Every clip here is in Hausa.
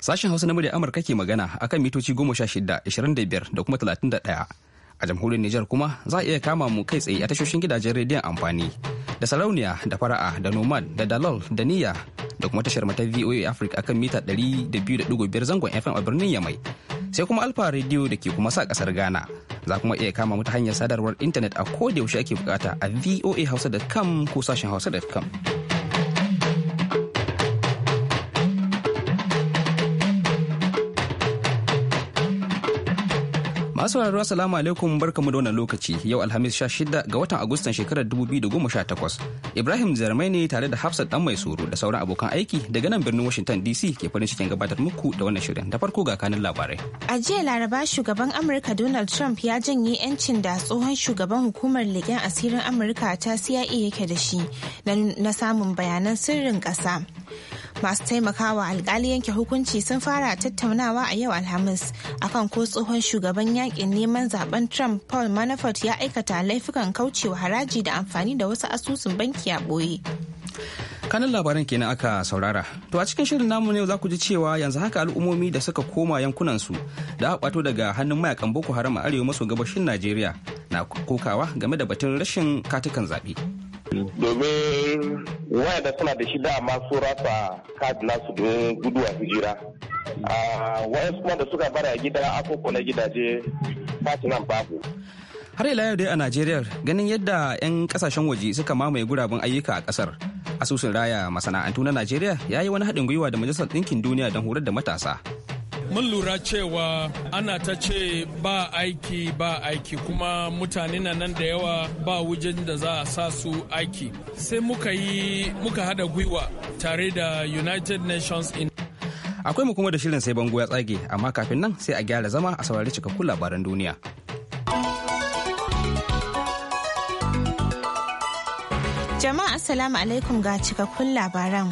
Sashen Hausa na murya Amurka ke magana akan mitoci 16, 25 da kuma 31. A jamhuriyar Nijar kuma za a iya kama mu kai tsaye a tashoshin gidajen rediyon amfani da sarauniya da fara'a da nomad da dalol da niyya da kuma tashar mata VOA Africa akan mita 200.5 zangon FM a birnin Yamai. Sai kuma Alfa Radio da ke kuma sa kasar Ghana. Za kuma iya kama mu ta hanyar sadarwar intanet a ko da yaushe ake bukata a voahausa.com ko sashen hausa.com. Masu sauraro assalamu alaikum barkamu da wannan lokaci yau Alhamis 16 ga watan Agustan shekarar 2018. Ibrahim Jarmai ne tare da Hafsat dan mai soro da sauran abokan aiki daga nan birnin Washington DC ke farin cikin gabatar muku da wannan shirin. Da farko ga kanin labarai. A jiya Laraba shugaban Amurka Donald Trump ya janye yancin da tsohon shugaban hukumar leƙen asirin Amurka ta CIA yake da shi na samun bayanan sirrin ƙasa. masu taimakawa alkali yanke hukunci sun fara tattaunawa a yau alhamis akan ko tsohon shugaban yakin neman zaben trump paul manafort ya aikata laifukan kaucewa haraji da amfani da wasu asusun banki a boye kanan labaran kenan aka saurara to a cikin shirin namu ne za ku ji cewa yanzu haka al'ummomi da suka koma yankunan su da aka kwato daga hannun mayakan boko haram a arewa maso gabashin najeriya na kokawa game da batun rashin katukan zaɓe. domin wayanda suna da shi dama su rasa kad nasu don guduwa hijira a wayan kuma da suka bara gida akoko na gidaje fatinan babu har ila yau dai a najeriya ganin yadda 'yan kasashen waje suka mamaye guraben ayyuka a kasar asusun raya masana'antu na najeriya ya yi wani haɗin gwiwa da majalisar ɗinkin duniya don horar da matasa mun lura cewa ana ta ce ba aiki ba aiki kuma mutane na nan da yawa ba wujen da za a sa su aiki sai muka yi muka hada gwiwa tare da united nations in akwai mu kuma da shirin sai bango ya tsage amma kafin nan sai a gyara zama a saurari cikakkun labaran duniya jama'a assalamu alaikum ga cikakkun labaran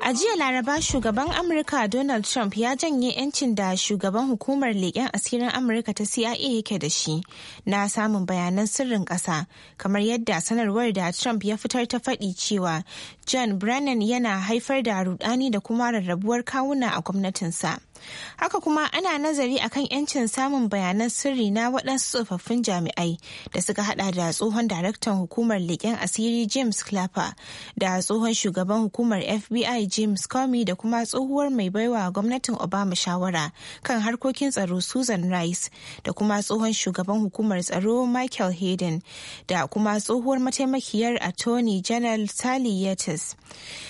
A jiya Laraba shugaban Amurka Donald Trump ya janye 'yancin da shugaban hukumar leƙen asirin Amurka ta CIA yake da shi na samun bayanan sirrin ƙasa, kamar yadda sanarwar da Trump ya fitar ta faɗi cewa John Brennan yana haifar da rudani da kuma rarrabuwar kawuna a gwamnatinsa. Haka kuma ana nazari akan 'yancin samun bayanan sirri na waɗansu tsofaffin jami'ai da suka hada da tsohon daraktan hukumar leƙen asiri James Clapper da tsohon shugaban hukumar FBI James Comey da kuma tsohuwar mai baiwa gwamnatin Obama shawara kan harkokin tsaro Susan Rice da kuma tsohon shugaban hukumar tsaro Michael Hayden da kuma tsohuwar mataimakiyar Attorney General Sally Yates.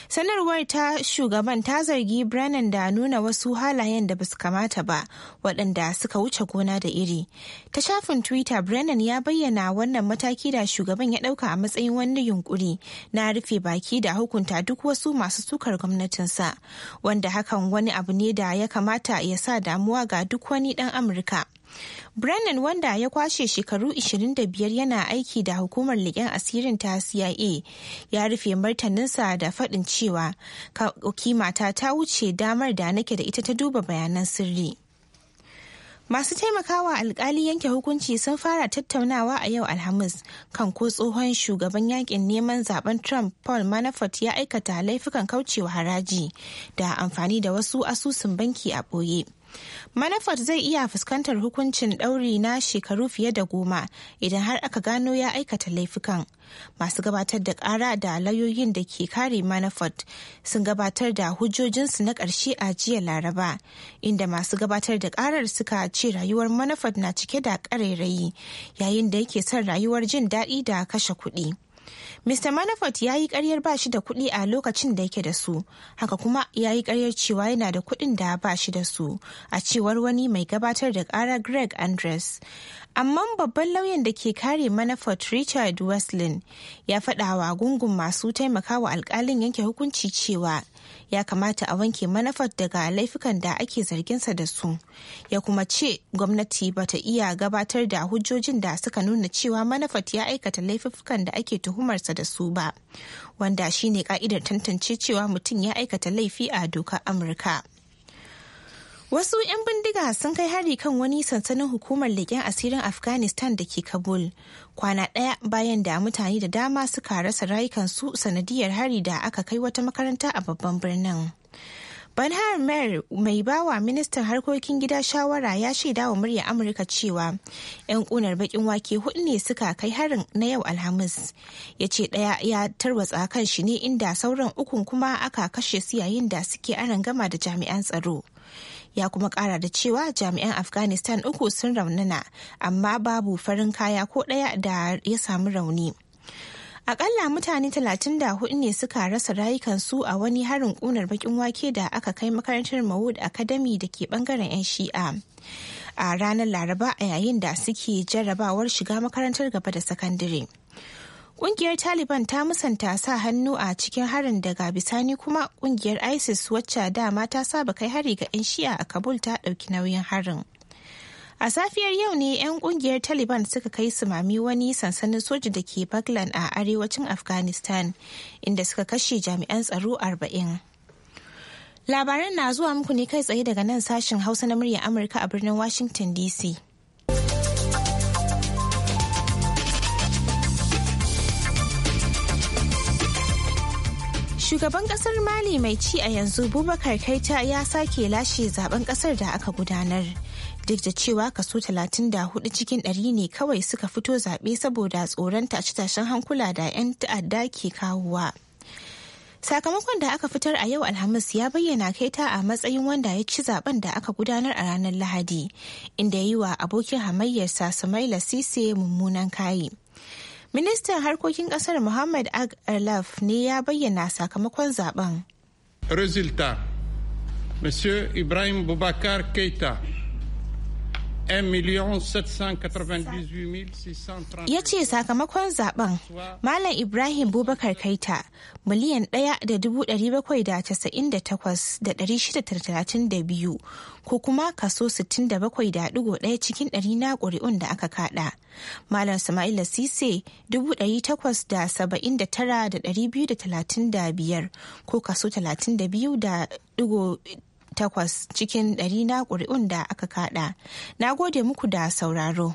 Sanarwar ta shugaban ta zargi Brennan da nuna wasu halayen yadda da basu kamata ba waɗanda suka wuce gona da iri. Ta shafin Twitter Brennan ya bayyana wannan mataki da shugaban ya ɗauka a matsayin wani yunkuri na rufe baki da hukunta duk wasu masu sukar gwamnatinsa wanda hakan wani abu ne da ya kamata ya sa damuwa ga duk wani ɗan Amurka. Brennan wanda ya kwashe shekaru 25 yana aiki da hukumar leƙen asirin ta CIA ya rufe martaninsa da faɗin cewa kimata ta wuce damar da nake da ita ta duba bayanan sirri. Masu taimakawa alkali yanke hukunci sun fara tattaunawa a yau Alhamis kan ko tsohon shugaban yakin neman zaben Trump Paul Manafort ya aikata laifukan kaucewa haraji da amfani da wasu asusun banki a ɓoye. Manafort zai iya fuskantar hukuncin ɗauri na shekaru fiye da goma idan har aka gano ya aikata laifukan. Masu gabatar da ƙara da lauyoyin da ke kare Manafort sun gabatar da hujjojinsu na ƙarshe a jiya Laraba, inda masu gabatar da ƙarar suka ce rayuwar Manafort na cike da ƙarairayi yayin da yake son rayuwar jin daɗi da kashe kuɗi. Mr. Manafort ya yi karyar ba shi da kuɗi a lokacin da yake da su, haka kuma ya yi karyar cewa yana da kuɗin da ba shi da su, a cewar wani mai gabatar da ƙara Greg Andres. Amma babban lauyan da ke kare Manafort Richard Westlin ya faɗawa gungun masu taimakawa alƙalin yanke hukunci cewa ya kamata a wanke manufar daga laifukan da ake zarginsa da su ya kuma ce gwamnati ba ta iya gabatar da hujjojin da suka nuna cewa manafat ya aikata laifukan da ake tuhumarsa da su ba wanda shine ka'idar tantance cewa mutum ya aikata laifi a dokar amurka Wasu 'yan bindiga sun kai hari kan wani sansanin hukumar leƙen asirin Afghanistan da ke Kabul kwana ɗaya bayan da mutane da dama suka rasa rayukansu sanadiyar hari da aka kai wata makaranta a babban birnin. Banhar Mayer mai bawa ministan harkokin gida shawara ya shaida wa murya Amurka cewa 'yan kunar bakin wake hudu ne suka kai harin na yau Alhamis. Ya ce ɗaya ya tarwatsa kan shi ne inda sauran ukun kuma aka kashe su yayin da suke gama da jami'an tsaro. ya kuma kara da cewa jami'an afghanistan uku sun raunana amma babu farin kaya ko ɗaya da ya samu rauni Akalla mutane 34 ne suka rasa rayukansu a wani harin kunar bakin wake da aka kai makarantar Mawud Academy da ke bangaren 'yan Shi'a. A ranar Laraba a yayin da suke jarrabawar shiga makarantar gaba da sakandare. Kungiyar Taliban ta musanta sa hannu a cikin harin daga bisani kuma kungiyar ISIS wacce dama ta saba kai hari ga 'yan shi'a a Kabul ta ɗauki nauyin harin. A safiyar yau ne 'yan kungiyar Taliban suka kai sumami wani sansanin soja da ke Baglan a arewacin Afghanistan, inda suka kashe jami'an tsaro arba'in. Labaran na zuwa muku ne kai tsaye daga nan sashen Hausa na murya Amurka a birnin Washington DC. Shugaban kasar Mali mai ci a yanzu Bubakar Kaita ya sake lashe zaben kasar da aka gudanar. Duk da cewa kaso 34 cikin 100 ne kawai suka fito zaɓe saboda tsoron tashe-tashen hankula da 'yan ta'adda ke kawowa. Sakamakon da aka fitar a yau Alhamis ya bayyana Kaita a matsayin wanda ya ci zaben da aka gudanar a ranar Lahadi, inda yi wa abokin hamayyarsa Samaila Sise mummunan kayi. Ministan harkokin kasar Muhammad Ag ne ya bayyana sakamakon zaben. Resulta, Monsieur Ibrahim Bubakar Keita Ya ce sakamakon zaben Malam Ibrahim Bubakar Kaita miliyan ɗaya da dubu ɗari bakwai da casa'in da takwas da ɗari shida talatin da biyu ko kuma kaso sittin da bakwai da ɗigo ɗaya cikin ɗari na ƙuri'un da aka kaɗa. Malam Sama'ila Sise dubu ɗari takwas da saba'in da tara da ɗari biyu da talatin da biyar ko kaso talatin da biyu da ɗigo takwas cikin ɗari na ƙuri'un da aka kaɗa. Na gode muku da sauraro.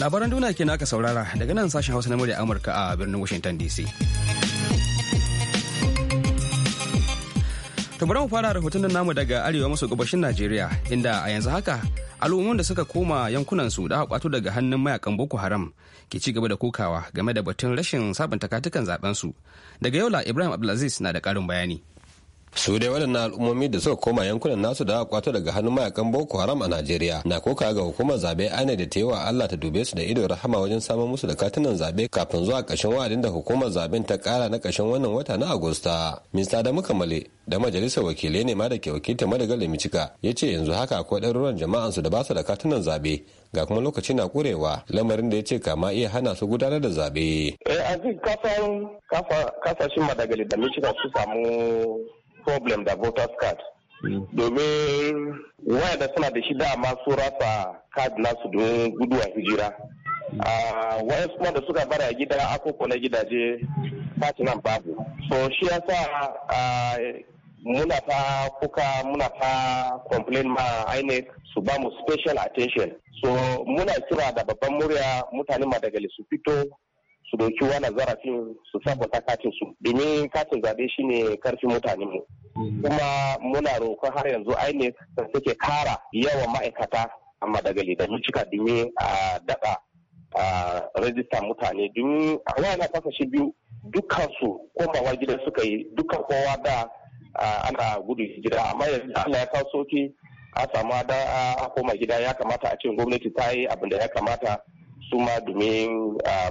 Labaran duniya ke aka saurara daga nan sashen Hausa na murya Amurka a birnin Washington DC. To bari mu fara rahoton namu daga arewa maso gabashin Najeriya inda a yanzu haka al'ummomin da suka koma yankunan su da kwato daga hannun mayakan Boko Haram ke ci gaba da kokawa game da batun rashin sabunta katukan zaben su. Daga yau la Ibrahim Abdulaziz na da karin bayani. su dai waɗannan al'ummomi da suka koma yankunan nasu da kwato daga hannun mayakan boko haram a najeriya na koka ga hukumar zabe ana da ta yi allah ta dube su da ido rahama wajen samar musu da katunan zabe kafin zuwa ƙarshen wa'adin da hukumar zaben ta ƙara na ƙarshen wannan wata na agusta mista da male da majalisar wakilai ne ma da ke wakilta madagal da micika ya ce yanzu haka akwai ɗaruran jama'ansu da ba su da katunan zabe ga kuma lokaci na ƙurewa lamarin da ya ce kama iya hana su gudanar da zabe. Eh, a kasashen madagali da micika su samu problem da voters card mm. domin wayanda suna da shi dama su rasa card nasu don guduwa hijira mm. ah, wayan kuma da suka bara gida akoko na gidaje nan babu so shi yasa ah, muna ta kuka muna ta complain ma INEC su ba mu special attention so muna kira da babban murya mutane madagali su fito su dauki wani zarafin su sabbata katin su domin katin zaɓe shine karfin mutane mu kuma muna roƙo har yanzu INEC da suke kara yawan ma'aikata a madagali da cika domin a daɗa a rajista mutane domin a wayan kasashe biyu dukkan su komawa gida suka yi dukkan kowa da ana gudu gida amma yanzu Allah ya kawo soki a samu da a koma gida ya kamata a ce gwamnati ta yi abin da ya kamata su ma domin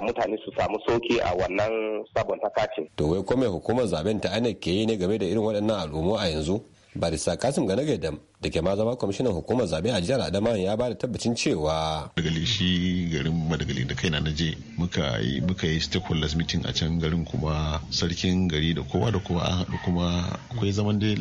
mutane su samu sauki a wannan sabon katin. To wai kome hukumar zaben ta INEC ke yi ne game da irin waɗannan al'umma a yanzu? Barista Kasim Ganagadam da ke ma zama kwamishinan hukumar zabe a jihar adama ya ba da tabbacin cewa dagali shi garin madagali da kaina na je muka yi muka yi stakeholders meeting a can garin kuma sarkin gari da kowa da kowa an haɗu kuma akwai zaman dai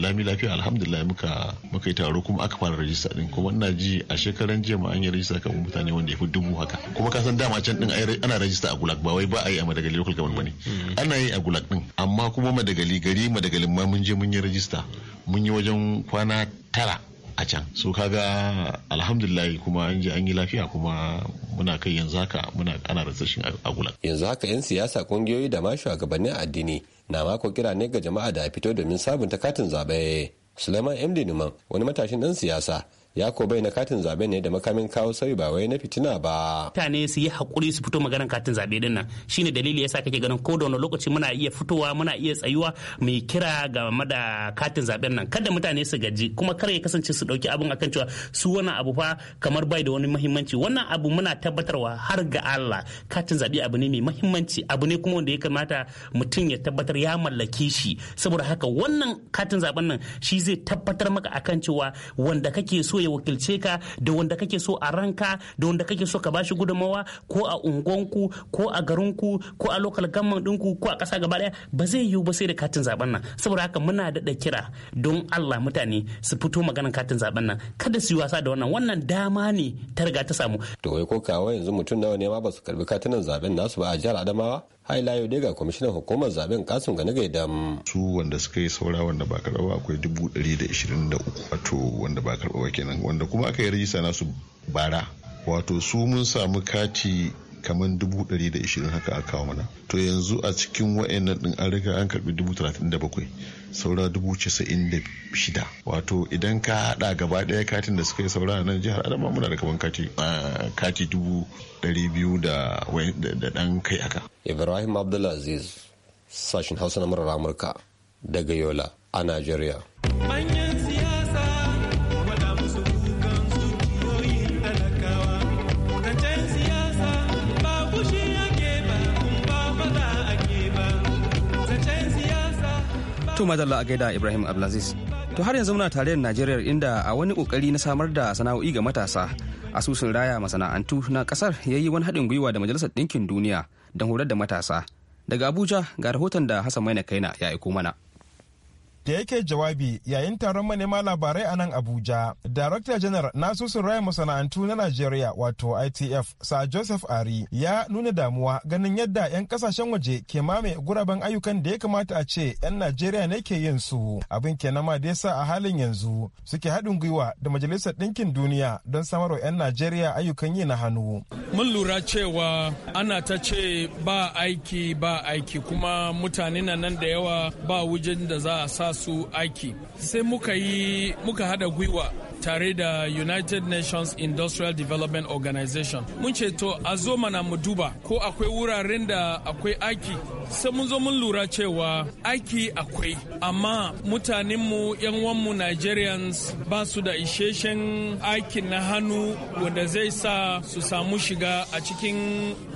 lami lafiya alhamdulillah muka muka yi taro kuma aka fara rajista din kuma ina ji a shekaran jiya ma an yi rajista kan mutane wanda ya fi dubu haka kuma ka san dama can din ana rajista a gulag ba wai ba a yi a madagali local government bane mm-hmm. ana yi a gulag din amma kuma madagali gari madagalin ma mun je mun yi rajista mun yi wajen kwana kwana tara a can so kaga alhamdulillah kuma an ji an yi lafiya kuma muna kai yanzu haka muna ana rasashin agula yanzu haka yan siyasa kungiyoyi da ma shugabannin addini na mako kira ne ga jama'a da fito domin sabunta katin zabe Suleiman MD Numan wani matashin dan siyasa ya ko bai na katin zabe ne da makamin kawo sauyi ba wai na fitina ba mutane su yi hakuri su fito maganar katin zabe din nan ne dalili ya sa kake ganin ko da wani lokaci muna iya fitowa muna iya tsayuwa mu kira game da katin zaben nan kada mutane su gaji kuma kar ya kasance su ɗauki abin akan cewa su wani abu fa kamar bai da wani muhimmanci wannan abu muna tabbatarwa har ga Allah katin zabe abu ne mai muhimmanci abu ne kuma wanda ya kamata mutum ya tabbatar ya mallake shi saboda haka wannan katin zaben nan shi zai tabbatar maka akan cewa wanda kake so ya wakilce ka da wanda kake so a ranka da wanda kake so ka bashi gudunmawa ko a unguwanku ko a garinku ko a lokal government ɗinku ko a kasa gaba ɗaya ba zai yiwu ba sai da katin zaben nan saboda haka muna daɗa kira don Allah mutane su fito maganan katin zaben nan kada su yi wasa da wannan wannan dama ne ta riga ta samu. To wai ko kawai yanzu mutum nawa ne ma ba su karbi katinan zaben nasu ba a jihar Adamawa? hailayo yau dai ga kwamishinan hukumar zaben kasim gani gaidam su wanda suka yi saura wanda ba karɓa ba akwai dubu ɗari da ishirin da uku wato wanda ba karɓa ba kenan wanda kuma aka yi rajista nasu bara wato su mun samu kati kamar ishirin haka a kawo mana to yanzu a cikin wa'annan din an riga an karbi bakwai saura dubu casa'in da shida wato idan ka haɗa gaba ɗaya katin da suka yi saura nan jihar adama muna da kaman kati kati biyu da dan kai haka ibrahim abdulaziz sashin hausa na murar amurka daga yola a nigeria To madalla a gaida Ibrahim Abdulaziz. To har yanzu muna tare da Najeriya inda a wani kokari na samar da sana'o'i ga matasa asusun raya masana'antu na kasar ya yi wani haɗin gwiwa da Majalisar Ɗinkin Duniya don horar da matasa. Daga Abuja ga rahoton da Hassan Maina Kaina ya aiko mana. da yake jawabi yayin taron manema labarai a nan abuja darakta janar na asusun masana'antu na najeriya wato itf sa joseph ari ya nuna damuwa ganin yadda 'yan kasashen waje ke mame guraben ayyukan da ya kamata a ce 'yan najeriya ne ke yin su abin ke nama da sa a halin yanzu suke haɗin gwiwa da majalisar ɗinkin duniya don samarwa 'yan najeriya ayyukan yi na hannu mun lura cewa ana ta ce ba aiki ba aiki kuma mutane na nan da yawa ba wajen da za a sa su aiki sai muka yi muka hada gwiwa tare da united nations industrial development organization mun ce to a zo mana mu duba ko akwai wuraren da akwai aiki sai mun zo mun lura cewa aiki akwai amma mutanenmu yanwanmu nigerians ba su da isheshen aikin na hannu wanda zai sa su samu shiga a cikin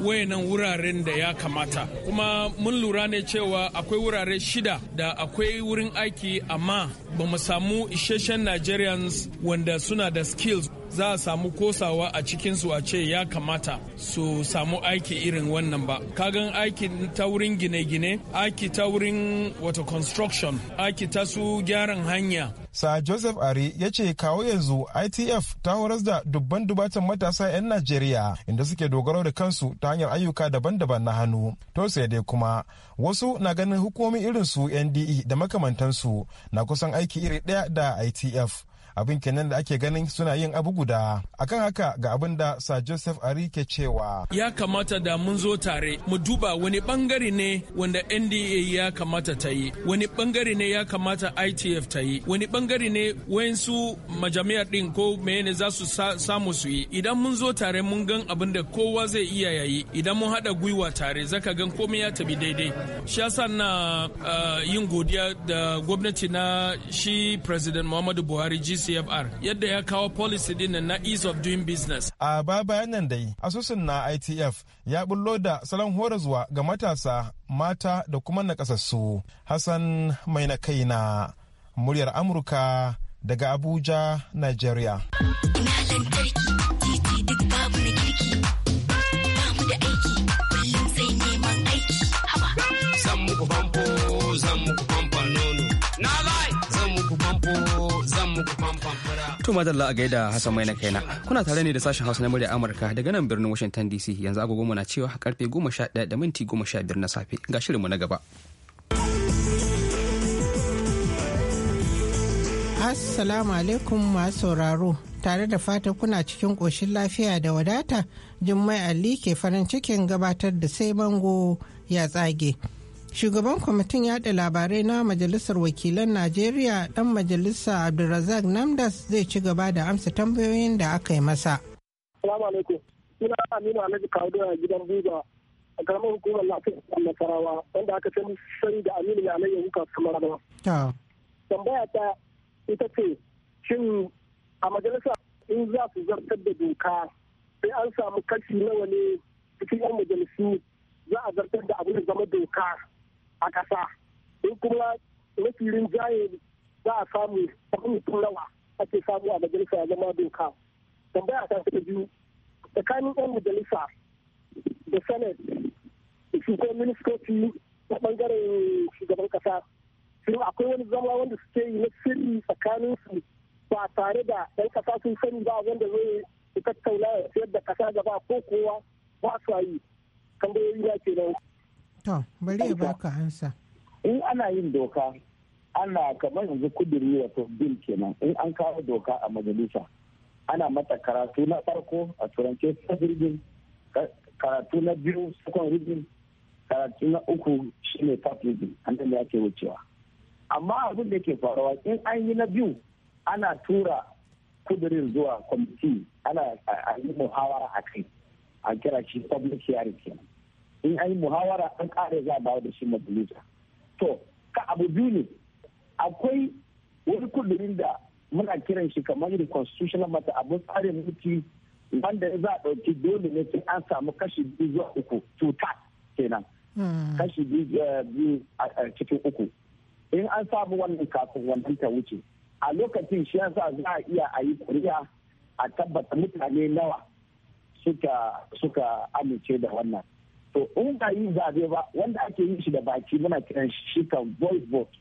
wayanan wuraren da ya kamata kuma mun lura ne cewa akwai wurare shida da akwai wurin aiki aiki amma ba mu samu isasshen Nigerians wanda suna da skills za a samu kosawa a cikinsu a ce ya kamata su samu aiki irin wannan ba kagan aiki ta wurin gine-gine aiki ta wurin wata construction aiki ta su gyaran hanya sa joseph ari ya ce kawo yanzu itf ta horas da dubban dubatan matasa 'yan najeriya inda suke dogaro da kansu ta hanyar ayyuka daban-daban na hannu to sai dai kuma wasu na ganin hukumomi irin su nde da makamantansu na kusan aiki iri ɗaya da itf abin kenan da ake ganin suna yin abu guda akan haka ga abin da sa joseph ari ke cewa ya kamata da mun zo tare mu duba wani bangare ne wanda nda ya kamata ta yi wani bangare ne ya kamata itf ta yi wani bangare ne wayansu majami'ar din ko mene za su samu su yi idan mun zo tare mun gan abin da kowa zai iya yayi idan mun haɗa gwiwa tare zaka gan komai ya tabi daidai shi sa na ah, yin godiya da gwamnati na shi president muhammadu buhari gc cfr yadda ya kawo policy din na ease of doing business. A ba bayan nan dai asusun na ITF ya bullo da salon zuwa ga matasa mata da kuma nakasassu. Hassan mai na kai na muryar Amurka daga Abuja, Nigeria. To madalla a gaida Hassan mai na kaina. Kuna tare ne da sashen Hausa na murya Amurka daga nan birnin Washington DC yanzu agogo na cewa karfe 11 da minti 15 na safe ga shirinmu na gaba. Assalamu alaikum masu sauraro tare da fata kuna cikin ƙoshin lafiya da wadata Jummai Ali ke farin cikin gabatar da sai bango ya tsage. shugaban kwamitin yaɗa labarai na majalisar wakilan najeriya ɗan majalisa abdulrazak namdas zai ci gaba da amsa tambayoyin da aka yi masa salamu alaikum suna aminu alhaji kawo a gidan buga a karamar hukumar lafiyar nasarawa wanda aka san sani da aminu mai alayyan huka kamar ba tambaya ta ita ce shin a majalisa in za su zartar da doka sai an samu kashi nawa ne cikin yan majalisu za a zartar da abin zama doka a ƙasa in kuma mafirin jaye za a samu kamar mutum a ake samu a majalisa ya zama doka tambaya ta ta biyu tsakanin yan majalisa da senate su ko ministoci na ɓangaren shugaban kasa sun akwai wani zama wanda suke yi na sirri tsakanin su ba tare da yan ƙasa sun sani ba wanda zai tattauna ya sayar da kasa gaba ko kowa ba su yi tambayoyi na kenan To, bari ya baka ansa. In ana yin doka, ana kamar yanzu kudiri wato bil kenan in an kawo doka a majalisa ana mata karatu na farko a turance first karatu na biyu second rigin, karatu na uku shine ne reading an da ake wucewa amma abin da ke faruwa in an yi na biyu ana tura kudirin zuwa kwamiti ana a yi muhawara a kai a kira shi public hearing kenan in an yi muhawara an kare za ba da shi majalisa to ka abu biyu ne akwai wani kudurin da muna kiran shi kamar yadda constitutional mata abin tsarin mulki wanda za a ɗauki dole ne sai an samu kashi biyu zuwa uku cuta kenan hmm. kashi biyu eh, a cikin uku in an samu wannan kafin wannan ta wuce a lokacin shi yasa za a iya a yi kuriya a tabbata mutane nawa suka amince da wannan to in ka yi zabe ba wanda ake yi shi da baki muna kiran shi ka voice vote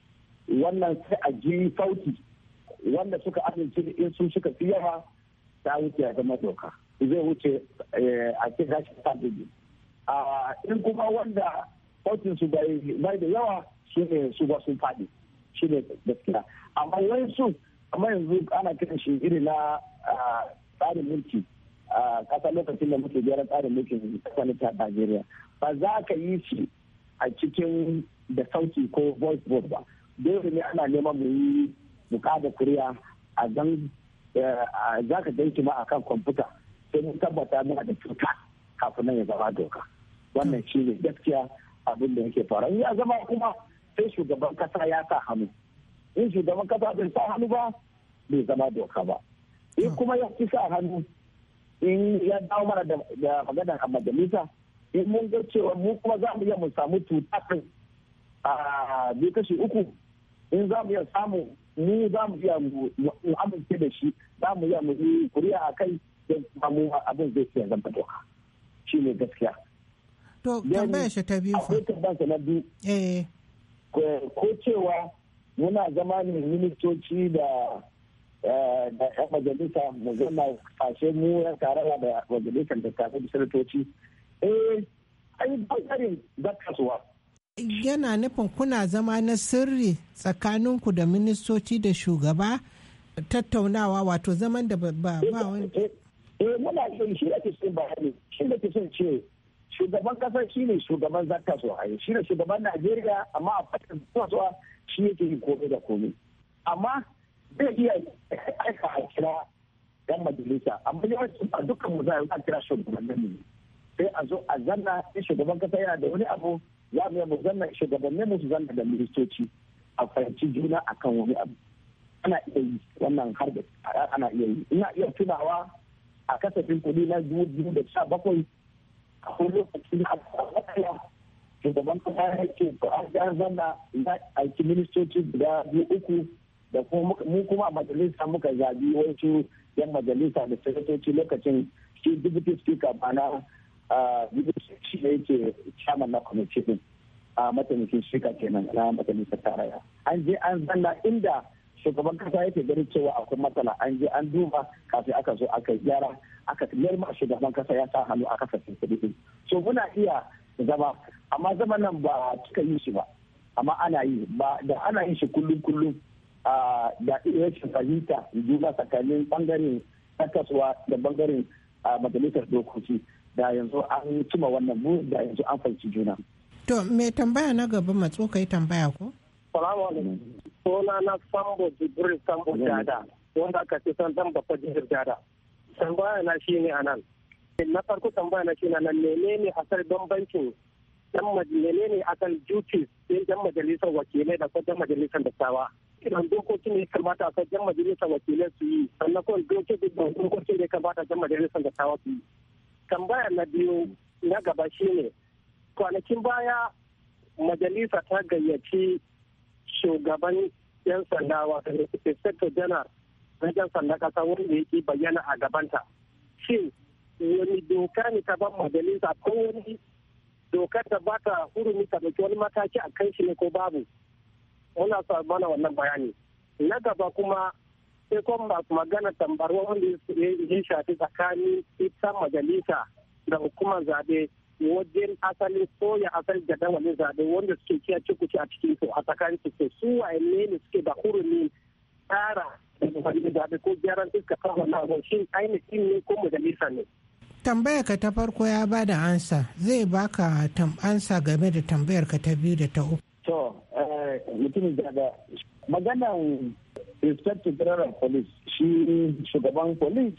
wannan sai a ji sauti wanda suka amince in sun suka fi yawa ta wuce a zama doka zai wuce eh, a ce gashi a in kuma wanda sautin su bai da yawa su ne su ba sun faɗi shi ne gaskiya amma wai su amma yanzu ana kiran shi iri na ah, tsarin mulki a kasa lokacin da muke gyaran tsarin mulkin kasa ta Najeriya ba za ka yi shi a cikin da sauti ko voice vote ba dole ne ana neman mu yi bukada kuriya a zan eh, za ka danki ma akan kwamfuta sai mun tabbata muna da cuta kafin nan ya zama doka wannan shi ne gaskiya abin da yake faruwa ya zama kuma sai shugaban kasa ya sa hannu in shugaban kasa bai sa hannu ba bai zama doka ba in kuma ya fi sa hannu in ya dawo mana da maganar a majalisa in mun ga cewa mu kuma za mu iya mu samu cuta a biyu kashi uku in za mu iya samu mu za mu iya mu amince da shi za mu iya mu yi kuriya a kai don samu abin zai iya zan fito shi ne gaskiya. To tambayar shi ta biyu. Akwai tambayar sa na biyu. Eh. Ko cewa muna zama ne ministoci da Eh, da yan majalisa mu zama fashe mu ya tarara da majalisa da tafi da sanatoci eh ai bangaren zakasuwa yana nufin kuna zama na sirri tsakaninku da ministoci da shugaba tattaunawa wato zaman da ba wani eh, eh, eh muna yin shi da kisan bayani shi da kisan ce shugaban kasar shi ne shugaban zakka so haye shi ne shugaban najeriya amma a fatan zuwa shi yake yin komai da komai amma zai iya aika a kira yan majalisa amma yawanci a dukkan mu za a kira shugabannin mu. sai a zo a zanna in shugaban kasa yana da wani abu za mu yi mu zanna shugabannin mu su zanna da ministoci a fahimci juna akan wani abu ana iya yi wannan har da ana iya yi ina iya tunawa a kasafin kuɗi na dubu biyu da sha bakwai a wani lokaci a alfahariya shugaban kasa ya ce to an zanna za a aiki ministoci guda biyu uku da kuma mu kuma a majalisa muka zabi wasu yan majalisa da sanatoci lokacin shi deputy speaker na deputy shi ne yake chairman na kwamiti din a mataimakin speaker kenan na majalisar tarayya an je an zanna inda shugaban kasa yake ganin cewa akwai matsala an je an duba kafin aka zo aka gyara aka nema shugaban kasa ya sa hannu a kasafin kuɗi so muna iya zama amma zama nan ba kika yi shi ba amma ana yi ba da ana yin shi kullum kullum da rashin fahimta juna tsakanin bangaren takaswa da bangaren majalisar dokoki da yanzu an cima wannan mu da yanzu an fahimci juna. To me tambaya na gaba matso kai tambaya ko? Salamu alaikum. Sona na Sambo Jibril Sambo jada, wanda aka ce san dan fa Jibril jada. Tambaya na shi ne a nan. Na farko tambaya na shi ne nan, menene hasar don bankin. yan majalisa ne kan duties sai yan majalisar wakilai da kuma yan majalisar dattawa idan dokoki ne kamata akan yan majalisar wakilai su yi sannan kuma dokoki da dokoki ne kamata yan majalisar dattawa su yi tambaya na biyu na gaba shine kwanakin baya majalisa ta gayyaci shugaban yan sanda wato inspector general na yan sanda kasa wanda yake bayyana a gabanta shin wani doka ne ta ban majalisa ko wani dokar da ba ta hurumi ta dauki wani mataki a kan shi ne ko babu muna so mana wannan bayani na gaba kuma sai kuma masu magana tambar wanda ya shafi tsakanin ita majalisa da hukumar zaɓe wajen asalin soya asalin jadawalin zabe wanda suke kiya cikuci a cikin su a tsakanin su su waye ne suke da hurumi tsara da zaɓe ko gyaran iska kan wannan shin ainihin ne ko majalisa ne tambayarka ta farko ya ba da ansa zai baka ansa game da tambayarka ta biyu da ta uku. to eh, mutum daga maganan inspector general police shi shugaban police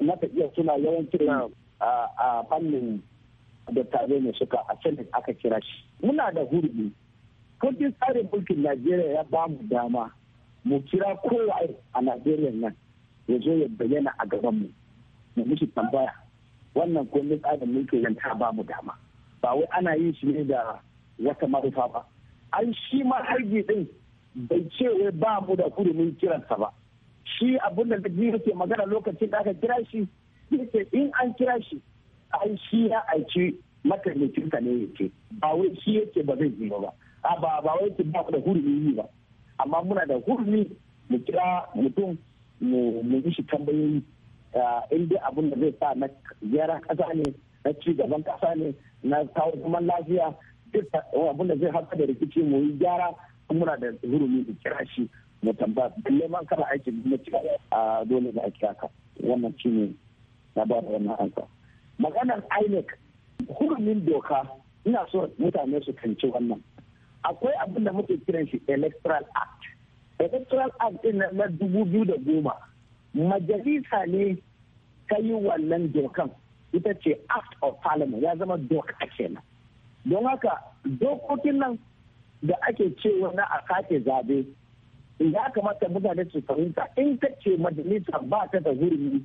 na ta iya suna yawancin a fannin da tare ne suka a senate aka kira shi muna da hurbi kundin tsarin mulkin najeriya ya ba mu dama mu kira kowa a najeriya nan ya zo ya bayyana a gabanmu mu mishi tambaya wannan kundin tsarin mulkin yanta babu dama ba wai ana yin shi ne da wata marufa ba an shi ma harbi din bai ce wai ba mu da kurumin kiransa ba shi abinda da gaji yake magana lokacin da aka kira shi yake in an kira shi an shi ya aiki ka ne yake ba wai shi yake ba zai ba a ba ba wai yake ba da hurumi yi ba amma muna da hurumi mu kira mutum mu yi shi tambayoyi Eh, in dai abin da zai sa na gyara ƙasa ne na ci gaban ƙasa ne na kawo zaman lafiya duk abin da zai haka da rikici mu yi gyara muna da hurumi da kira shi mu tamba balle man kana aikin ci a dole za a kira wannan shi ne na ba da wannan ansa maganar INEC hurumin doka ina so mutane su kanci wannan akwai abin da muke kiran shi electoral act electoral act na dubu biyu da goma majalisa ne ta yi wannan dokan ita ce act of parliament ya zama doka kenan don haka dokokin nan da ake cewa na a sake zabe ya kamata mutane su fahimta in ta ce majalisa ba ta da hurumi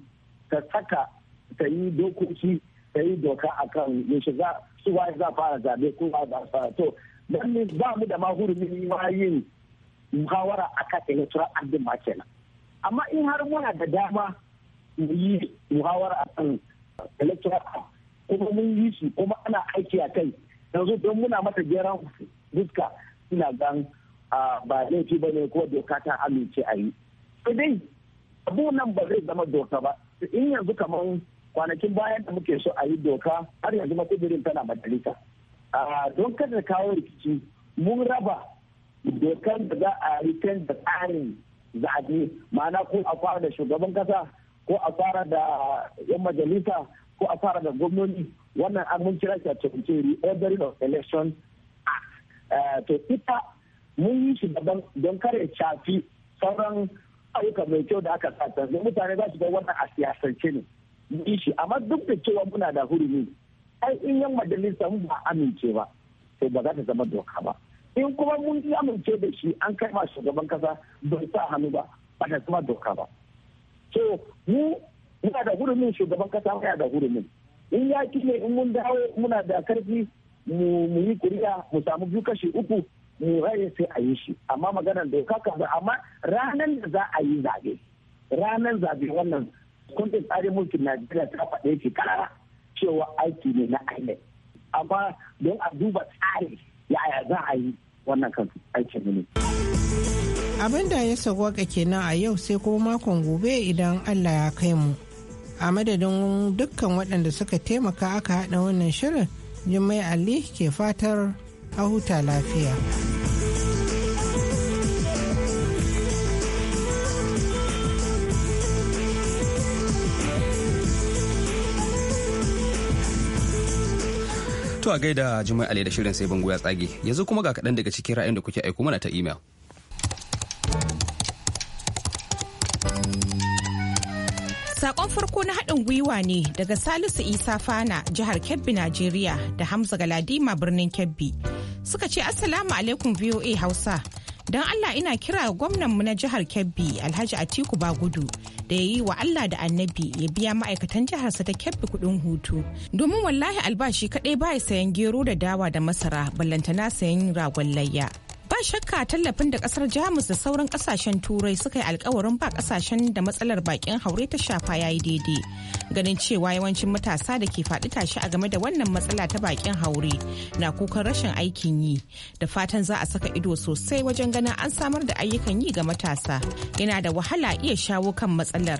ta saka ta yi dokoki ta yi doka akan yaushe za su waye za fara zabe ko ba za fara to dan ba mu da ma hurumi ma yin muhawara akan electoral act ma kenan amma in har muna da dama mu yi muhawara a kan electoral kuma mun yi shi kuma ana aiki a kai yanzu don muna mata gyaran fuska ina gan ba laifi ba ne ko doka ta amince a yi dai abu nan ba zai zama doka ba in yanzu kamar kwanakin bayan da muke so a yi doka har yanzu makudirin tana majalisa don kada kawo rikici mun raba dokar da za a yi da tsarin zaɓe ma'ana ko a fara da shugaban kasa ko a fara da 'yan majalisa ko a fara da gwamnoni wannan an mun kira shi a cikin ordering of election act eh, to ita mun yi shi daban don kare shafi sauran ayyuka mai kyau da aka sa ta mutane za su ga wannan a siyasance ne yi shi amma duk da cewa muna da hurumi ai in yan majalisa mu ba amince ba sai ba za ta zama doka ba in kuma mun amince da shi an kai wa shugaban kasa bai sa hannu ba ba ta kuma doka ba so mu muna da hurumin shugaban kasa muna da hurumin in ya ne in mun dawo muna da karfi mu yi kuri'a mu samu biyu kashi uku mu raye sai a yi shi amma maganar doka kan amma ranar da za a yi zabe ranar zabe wannan kundin tsarin mulkin najeriya ta faɗe shi karara cewa aiki ne na ainihin amma don a duba tsari yaya za a yi wannan aikin ne. Abin da ya sawwaka kenan a yau sai kuma makon gobe idan Allah ya kai mu. A madadin dukkan waɗanda suka taimaka aka haɗa wannan shirin, Jummai Ali ke fatar a huta lafiya. To a gaida Jummai Ali da shirin sai bango ya tsage. Yanzu kuma ga kaɗan daga cikin ra'ayin da kuke aiko mana ta email. Sakon farko na haɗin gwiwa ne daga Salisu Isa Fana jihar Kebbi Najeriya da Hamza Galadima birnin Kebbi. Suka ce Assalamu alaikum VOA Hausa. don Allah ina kira gwamnanmu na jihar Kebbi Alhaji Atiku Bagudu da ya yi wa Allah da annabi ya biya ma'aikatan jiharsa ta Kebbi kuɗin hutu. Domin wallahi albashi kaɗai ba sayan gero da dawa da masara ballantana sayan ragon layya. Ba shakka tallafin da kasar Jamus da sauran kasashen Turai suka yi alkawarin ba kasashen da matsalar bakin haure ta shafa yayi daidai. Ganin cewa yawancin matasa da ke faɗi tashi a game da wannan matsala ta bakin haure na kukan rashin aikin yi da fatan za a saka ido sosai wajen ganin an samar da ayyukan yi ga matasa. Yana da wahala iya shawo kan matsalar.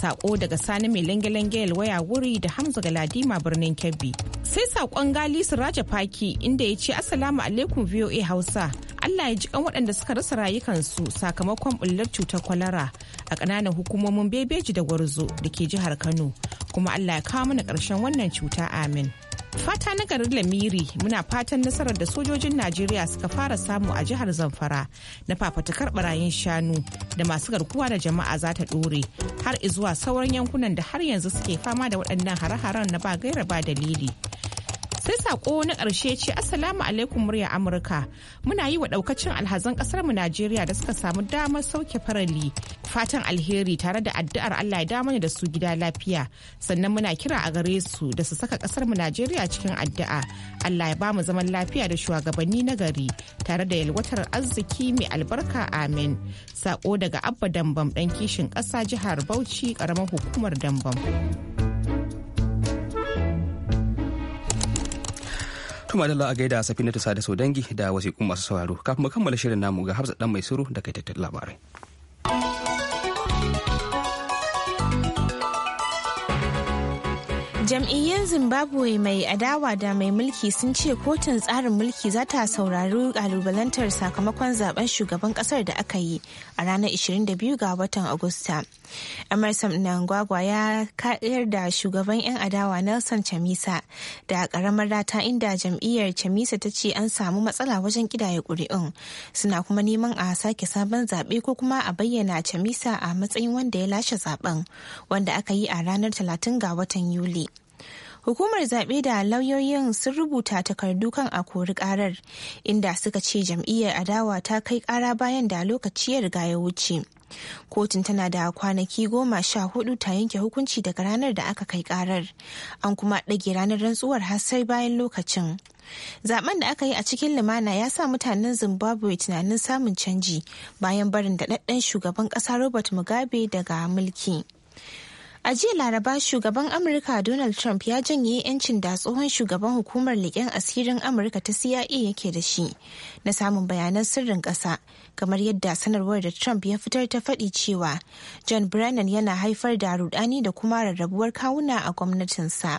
sako daga sani mai lange-lange waya wuri da hamza galadima birnin kebbi sai sakon gali raja faki inda ya ce assalamu alaikum voa hausa Allah ya ji kan waɗanda suka rasa rayukansu sakamakon bullar cutar kwalara a ƙananan hukumomin bebeji da gwarzo da ke jihar Kano kuma Allah ya kawo mana ƙarshen wannan cuta amin. Fata na garin Lamiri muna fatan nasarar da sojojin Najeriya suka fara samu a jihar Zamfara na fafatakar barayin shanu da masu garkuwa da jama'a za ta ɗore har izuwa sauran yankunan da har yanzu suke fama da waɗannan hare-haren na ba gaira ba dalili. sai sako na ƙarshe ce assalamu alaikum murya amurka muna yi wa ɗaukacin alhazan ƙasar mu najeriya da suka samu damar sauke farali fatan alheri tare da addu'ar allah ya damani da su gida lafiya sannan muna kira a gare su da su saka ƙasar mu najeriya cikin addu'a allah ya bamu zaman lafiya da shugabanni na gari tare da yalwatar arziki mai albarka amin sako daga abba dambam ɗan kishin ƙasa jihar bauchi ƙaramar hukumar dambam. Tuma da a gaida safina ta da so dangi da wasikun masu sauraro kafin mu kammala shirin namu ga Hafsa dan mai suru da kai tattalin labarai. jam'iyyar zimbabwe mai adawa da mai mulki sun ce kotun tsarin mulki za ta saurari kalubalantar sakamakon zaben shugaban kasar da aka yi a ranar 22 ga watan agusta emerson nangwagwa ya kayar da shugaban 'yan adawa nelson chamisa da karamar rata inda jam'iyyar chamisa ta ce an samu matsala wajen kidaya kuri'un suna kuma neman a sake sabon zaɓe ko kuma a bayyana chamisa a matsayin wanda ya lashe zaben wanda aka yi a ranar 30 ga watan yuli hukumar zaɓe da lauyoyin sun rubuta takardu kan a kori karar inda suka ce jam'iyyar adawa ta kai kara bayan da lokaci ya riga ya wuce kotun tana da kwanaki goma sha hudu ta yanke hukunci daga ranar da aka kai ƙarar an kuma ɗage ranar rantsuwar har sai bayan lokacin zaben da aka yi a cikin lumana ya sa mutanen zimbabwe tunanin samun canji bayan barin daɗaɗɗen shugaban ƙasa robert mugabe daga mulki A jiya Laraba shugaban Amurka Donald Trump ya janye 'yancin da tsohon shugaban hukumar liƙen asirin Amurka ta CIA yake da shi na samun bayanan sirrin ƙasa kamar yadda sanarwar da Trump ya fitar ta faɗi cewa John Brennan yana haifar da rudani da kuma rarrabuwar kawuna a gwamnatinsa.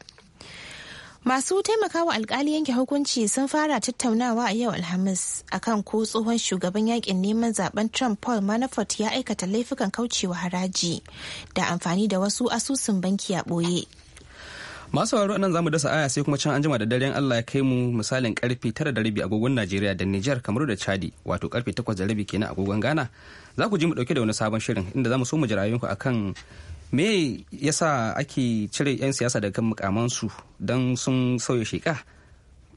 Masu taimakawa alkali yanke hukunci sun fara tattaunawa a yau Alhamis akan ko tsohon shugaban yakin neman zaben Trump Paul Manafort ya aikata laifukan kaucewa haraji da amfani da wasu asusun banki a ɓoye. Masu sauraro nan zamu dasa aya sai kuma can anjima da daren Allah ya kai mu misalin karfe tara da agogon Najeriya da niger kamar da Chadi wato karfe 8:30 rabi kenan agogon Ghana. Za ku ji mu dauke da wani sabon shirin inda zamu so mu ji rayuwanku akan me yasa ake cire 'yan siyasa daga kan mukamansu don sun sauya sheka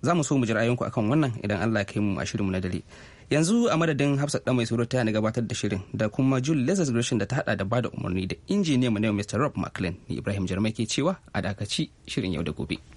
za mu so mu ji ra'ayinku akan wannan idan allah ya kai mu a shirinmu na dare yanzu a madadin hafsat dan mai surata na gabatar da shirin da kuma jul lezard gresham da ta hada da bada umarni da injiniya mu yau mr rob mclean ni ibrahim jarmai ke cewa a dakaci shirin yau da gobe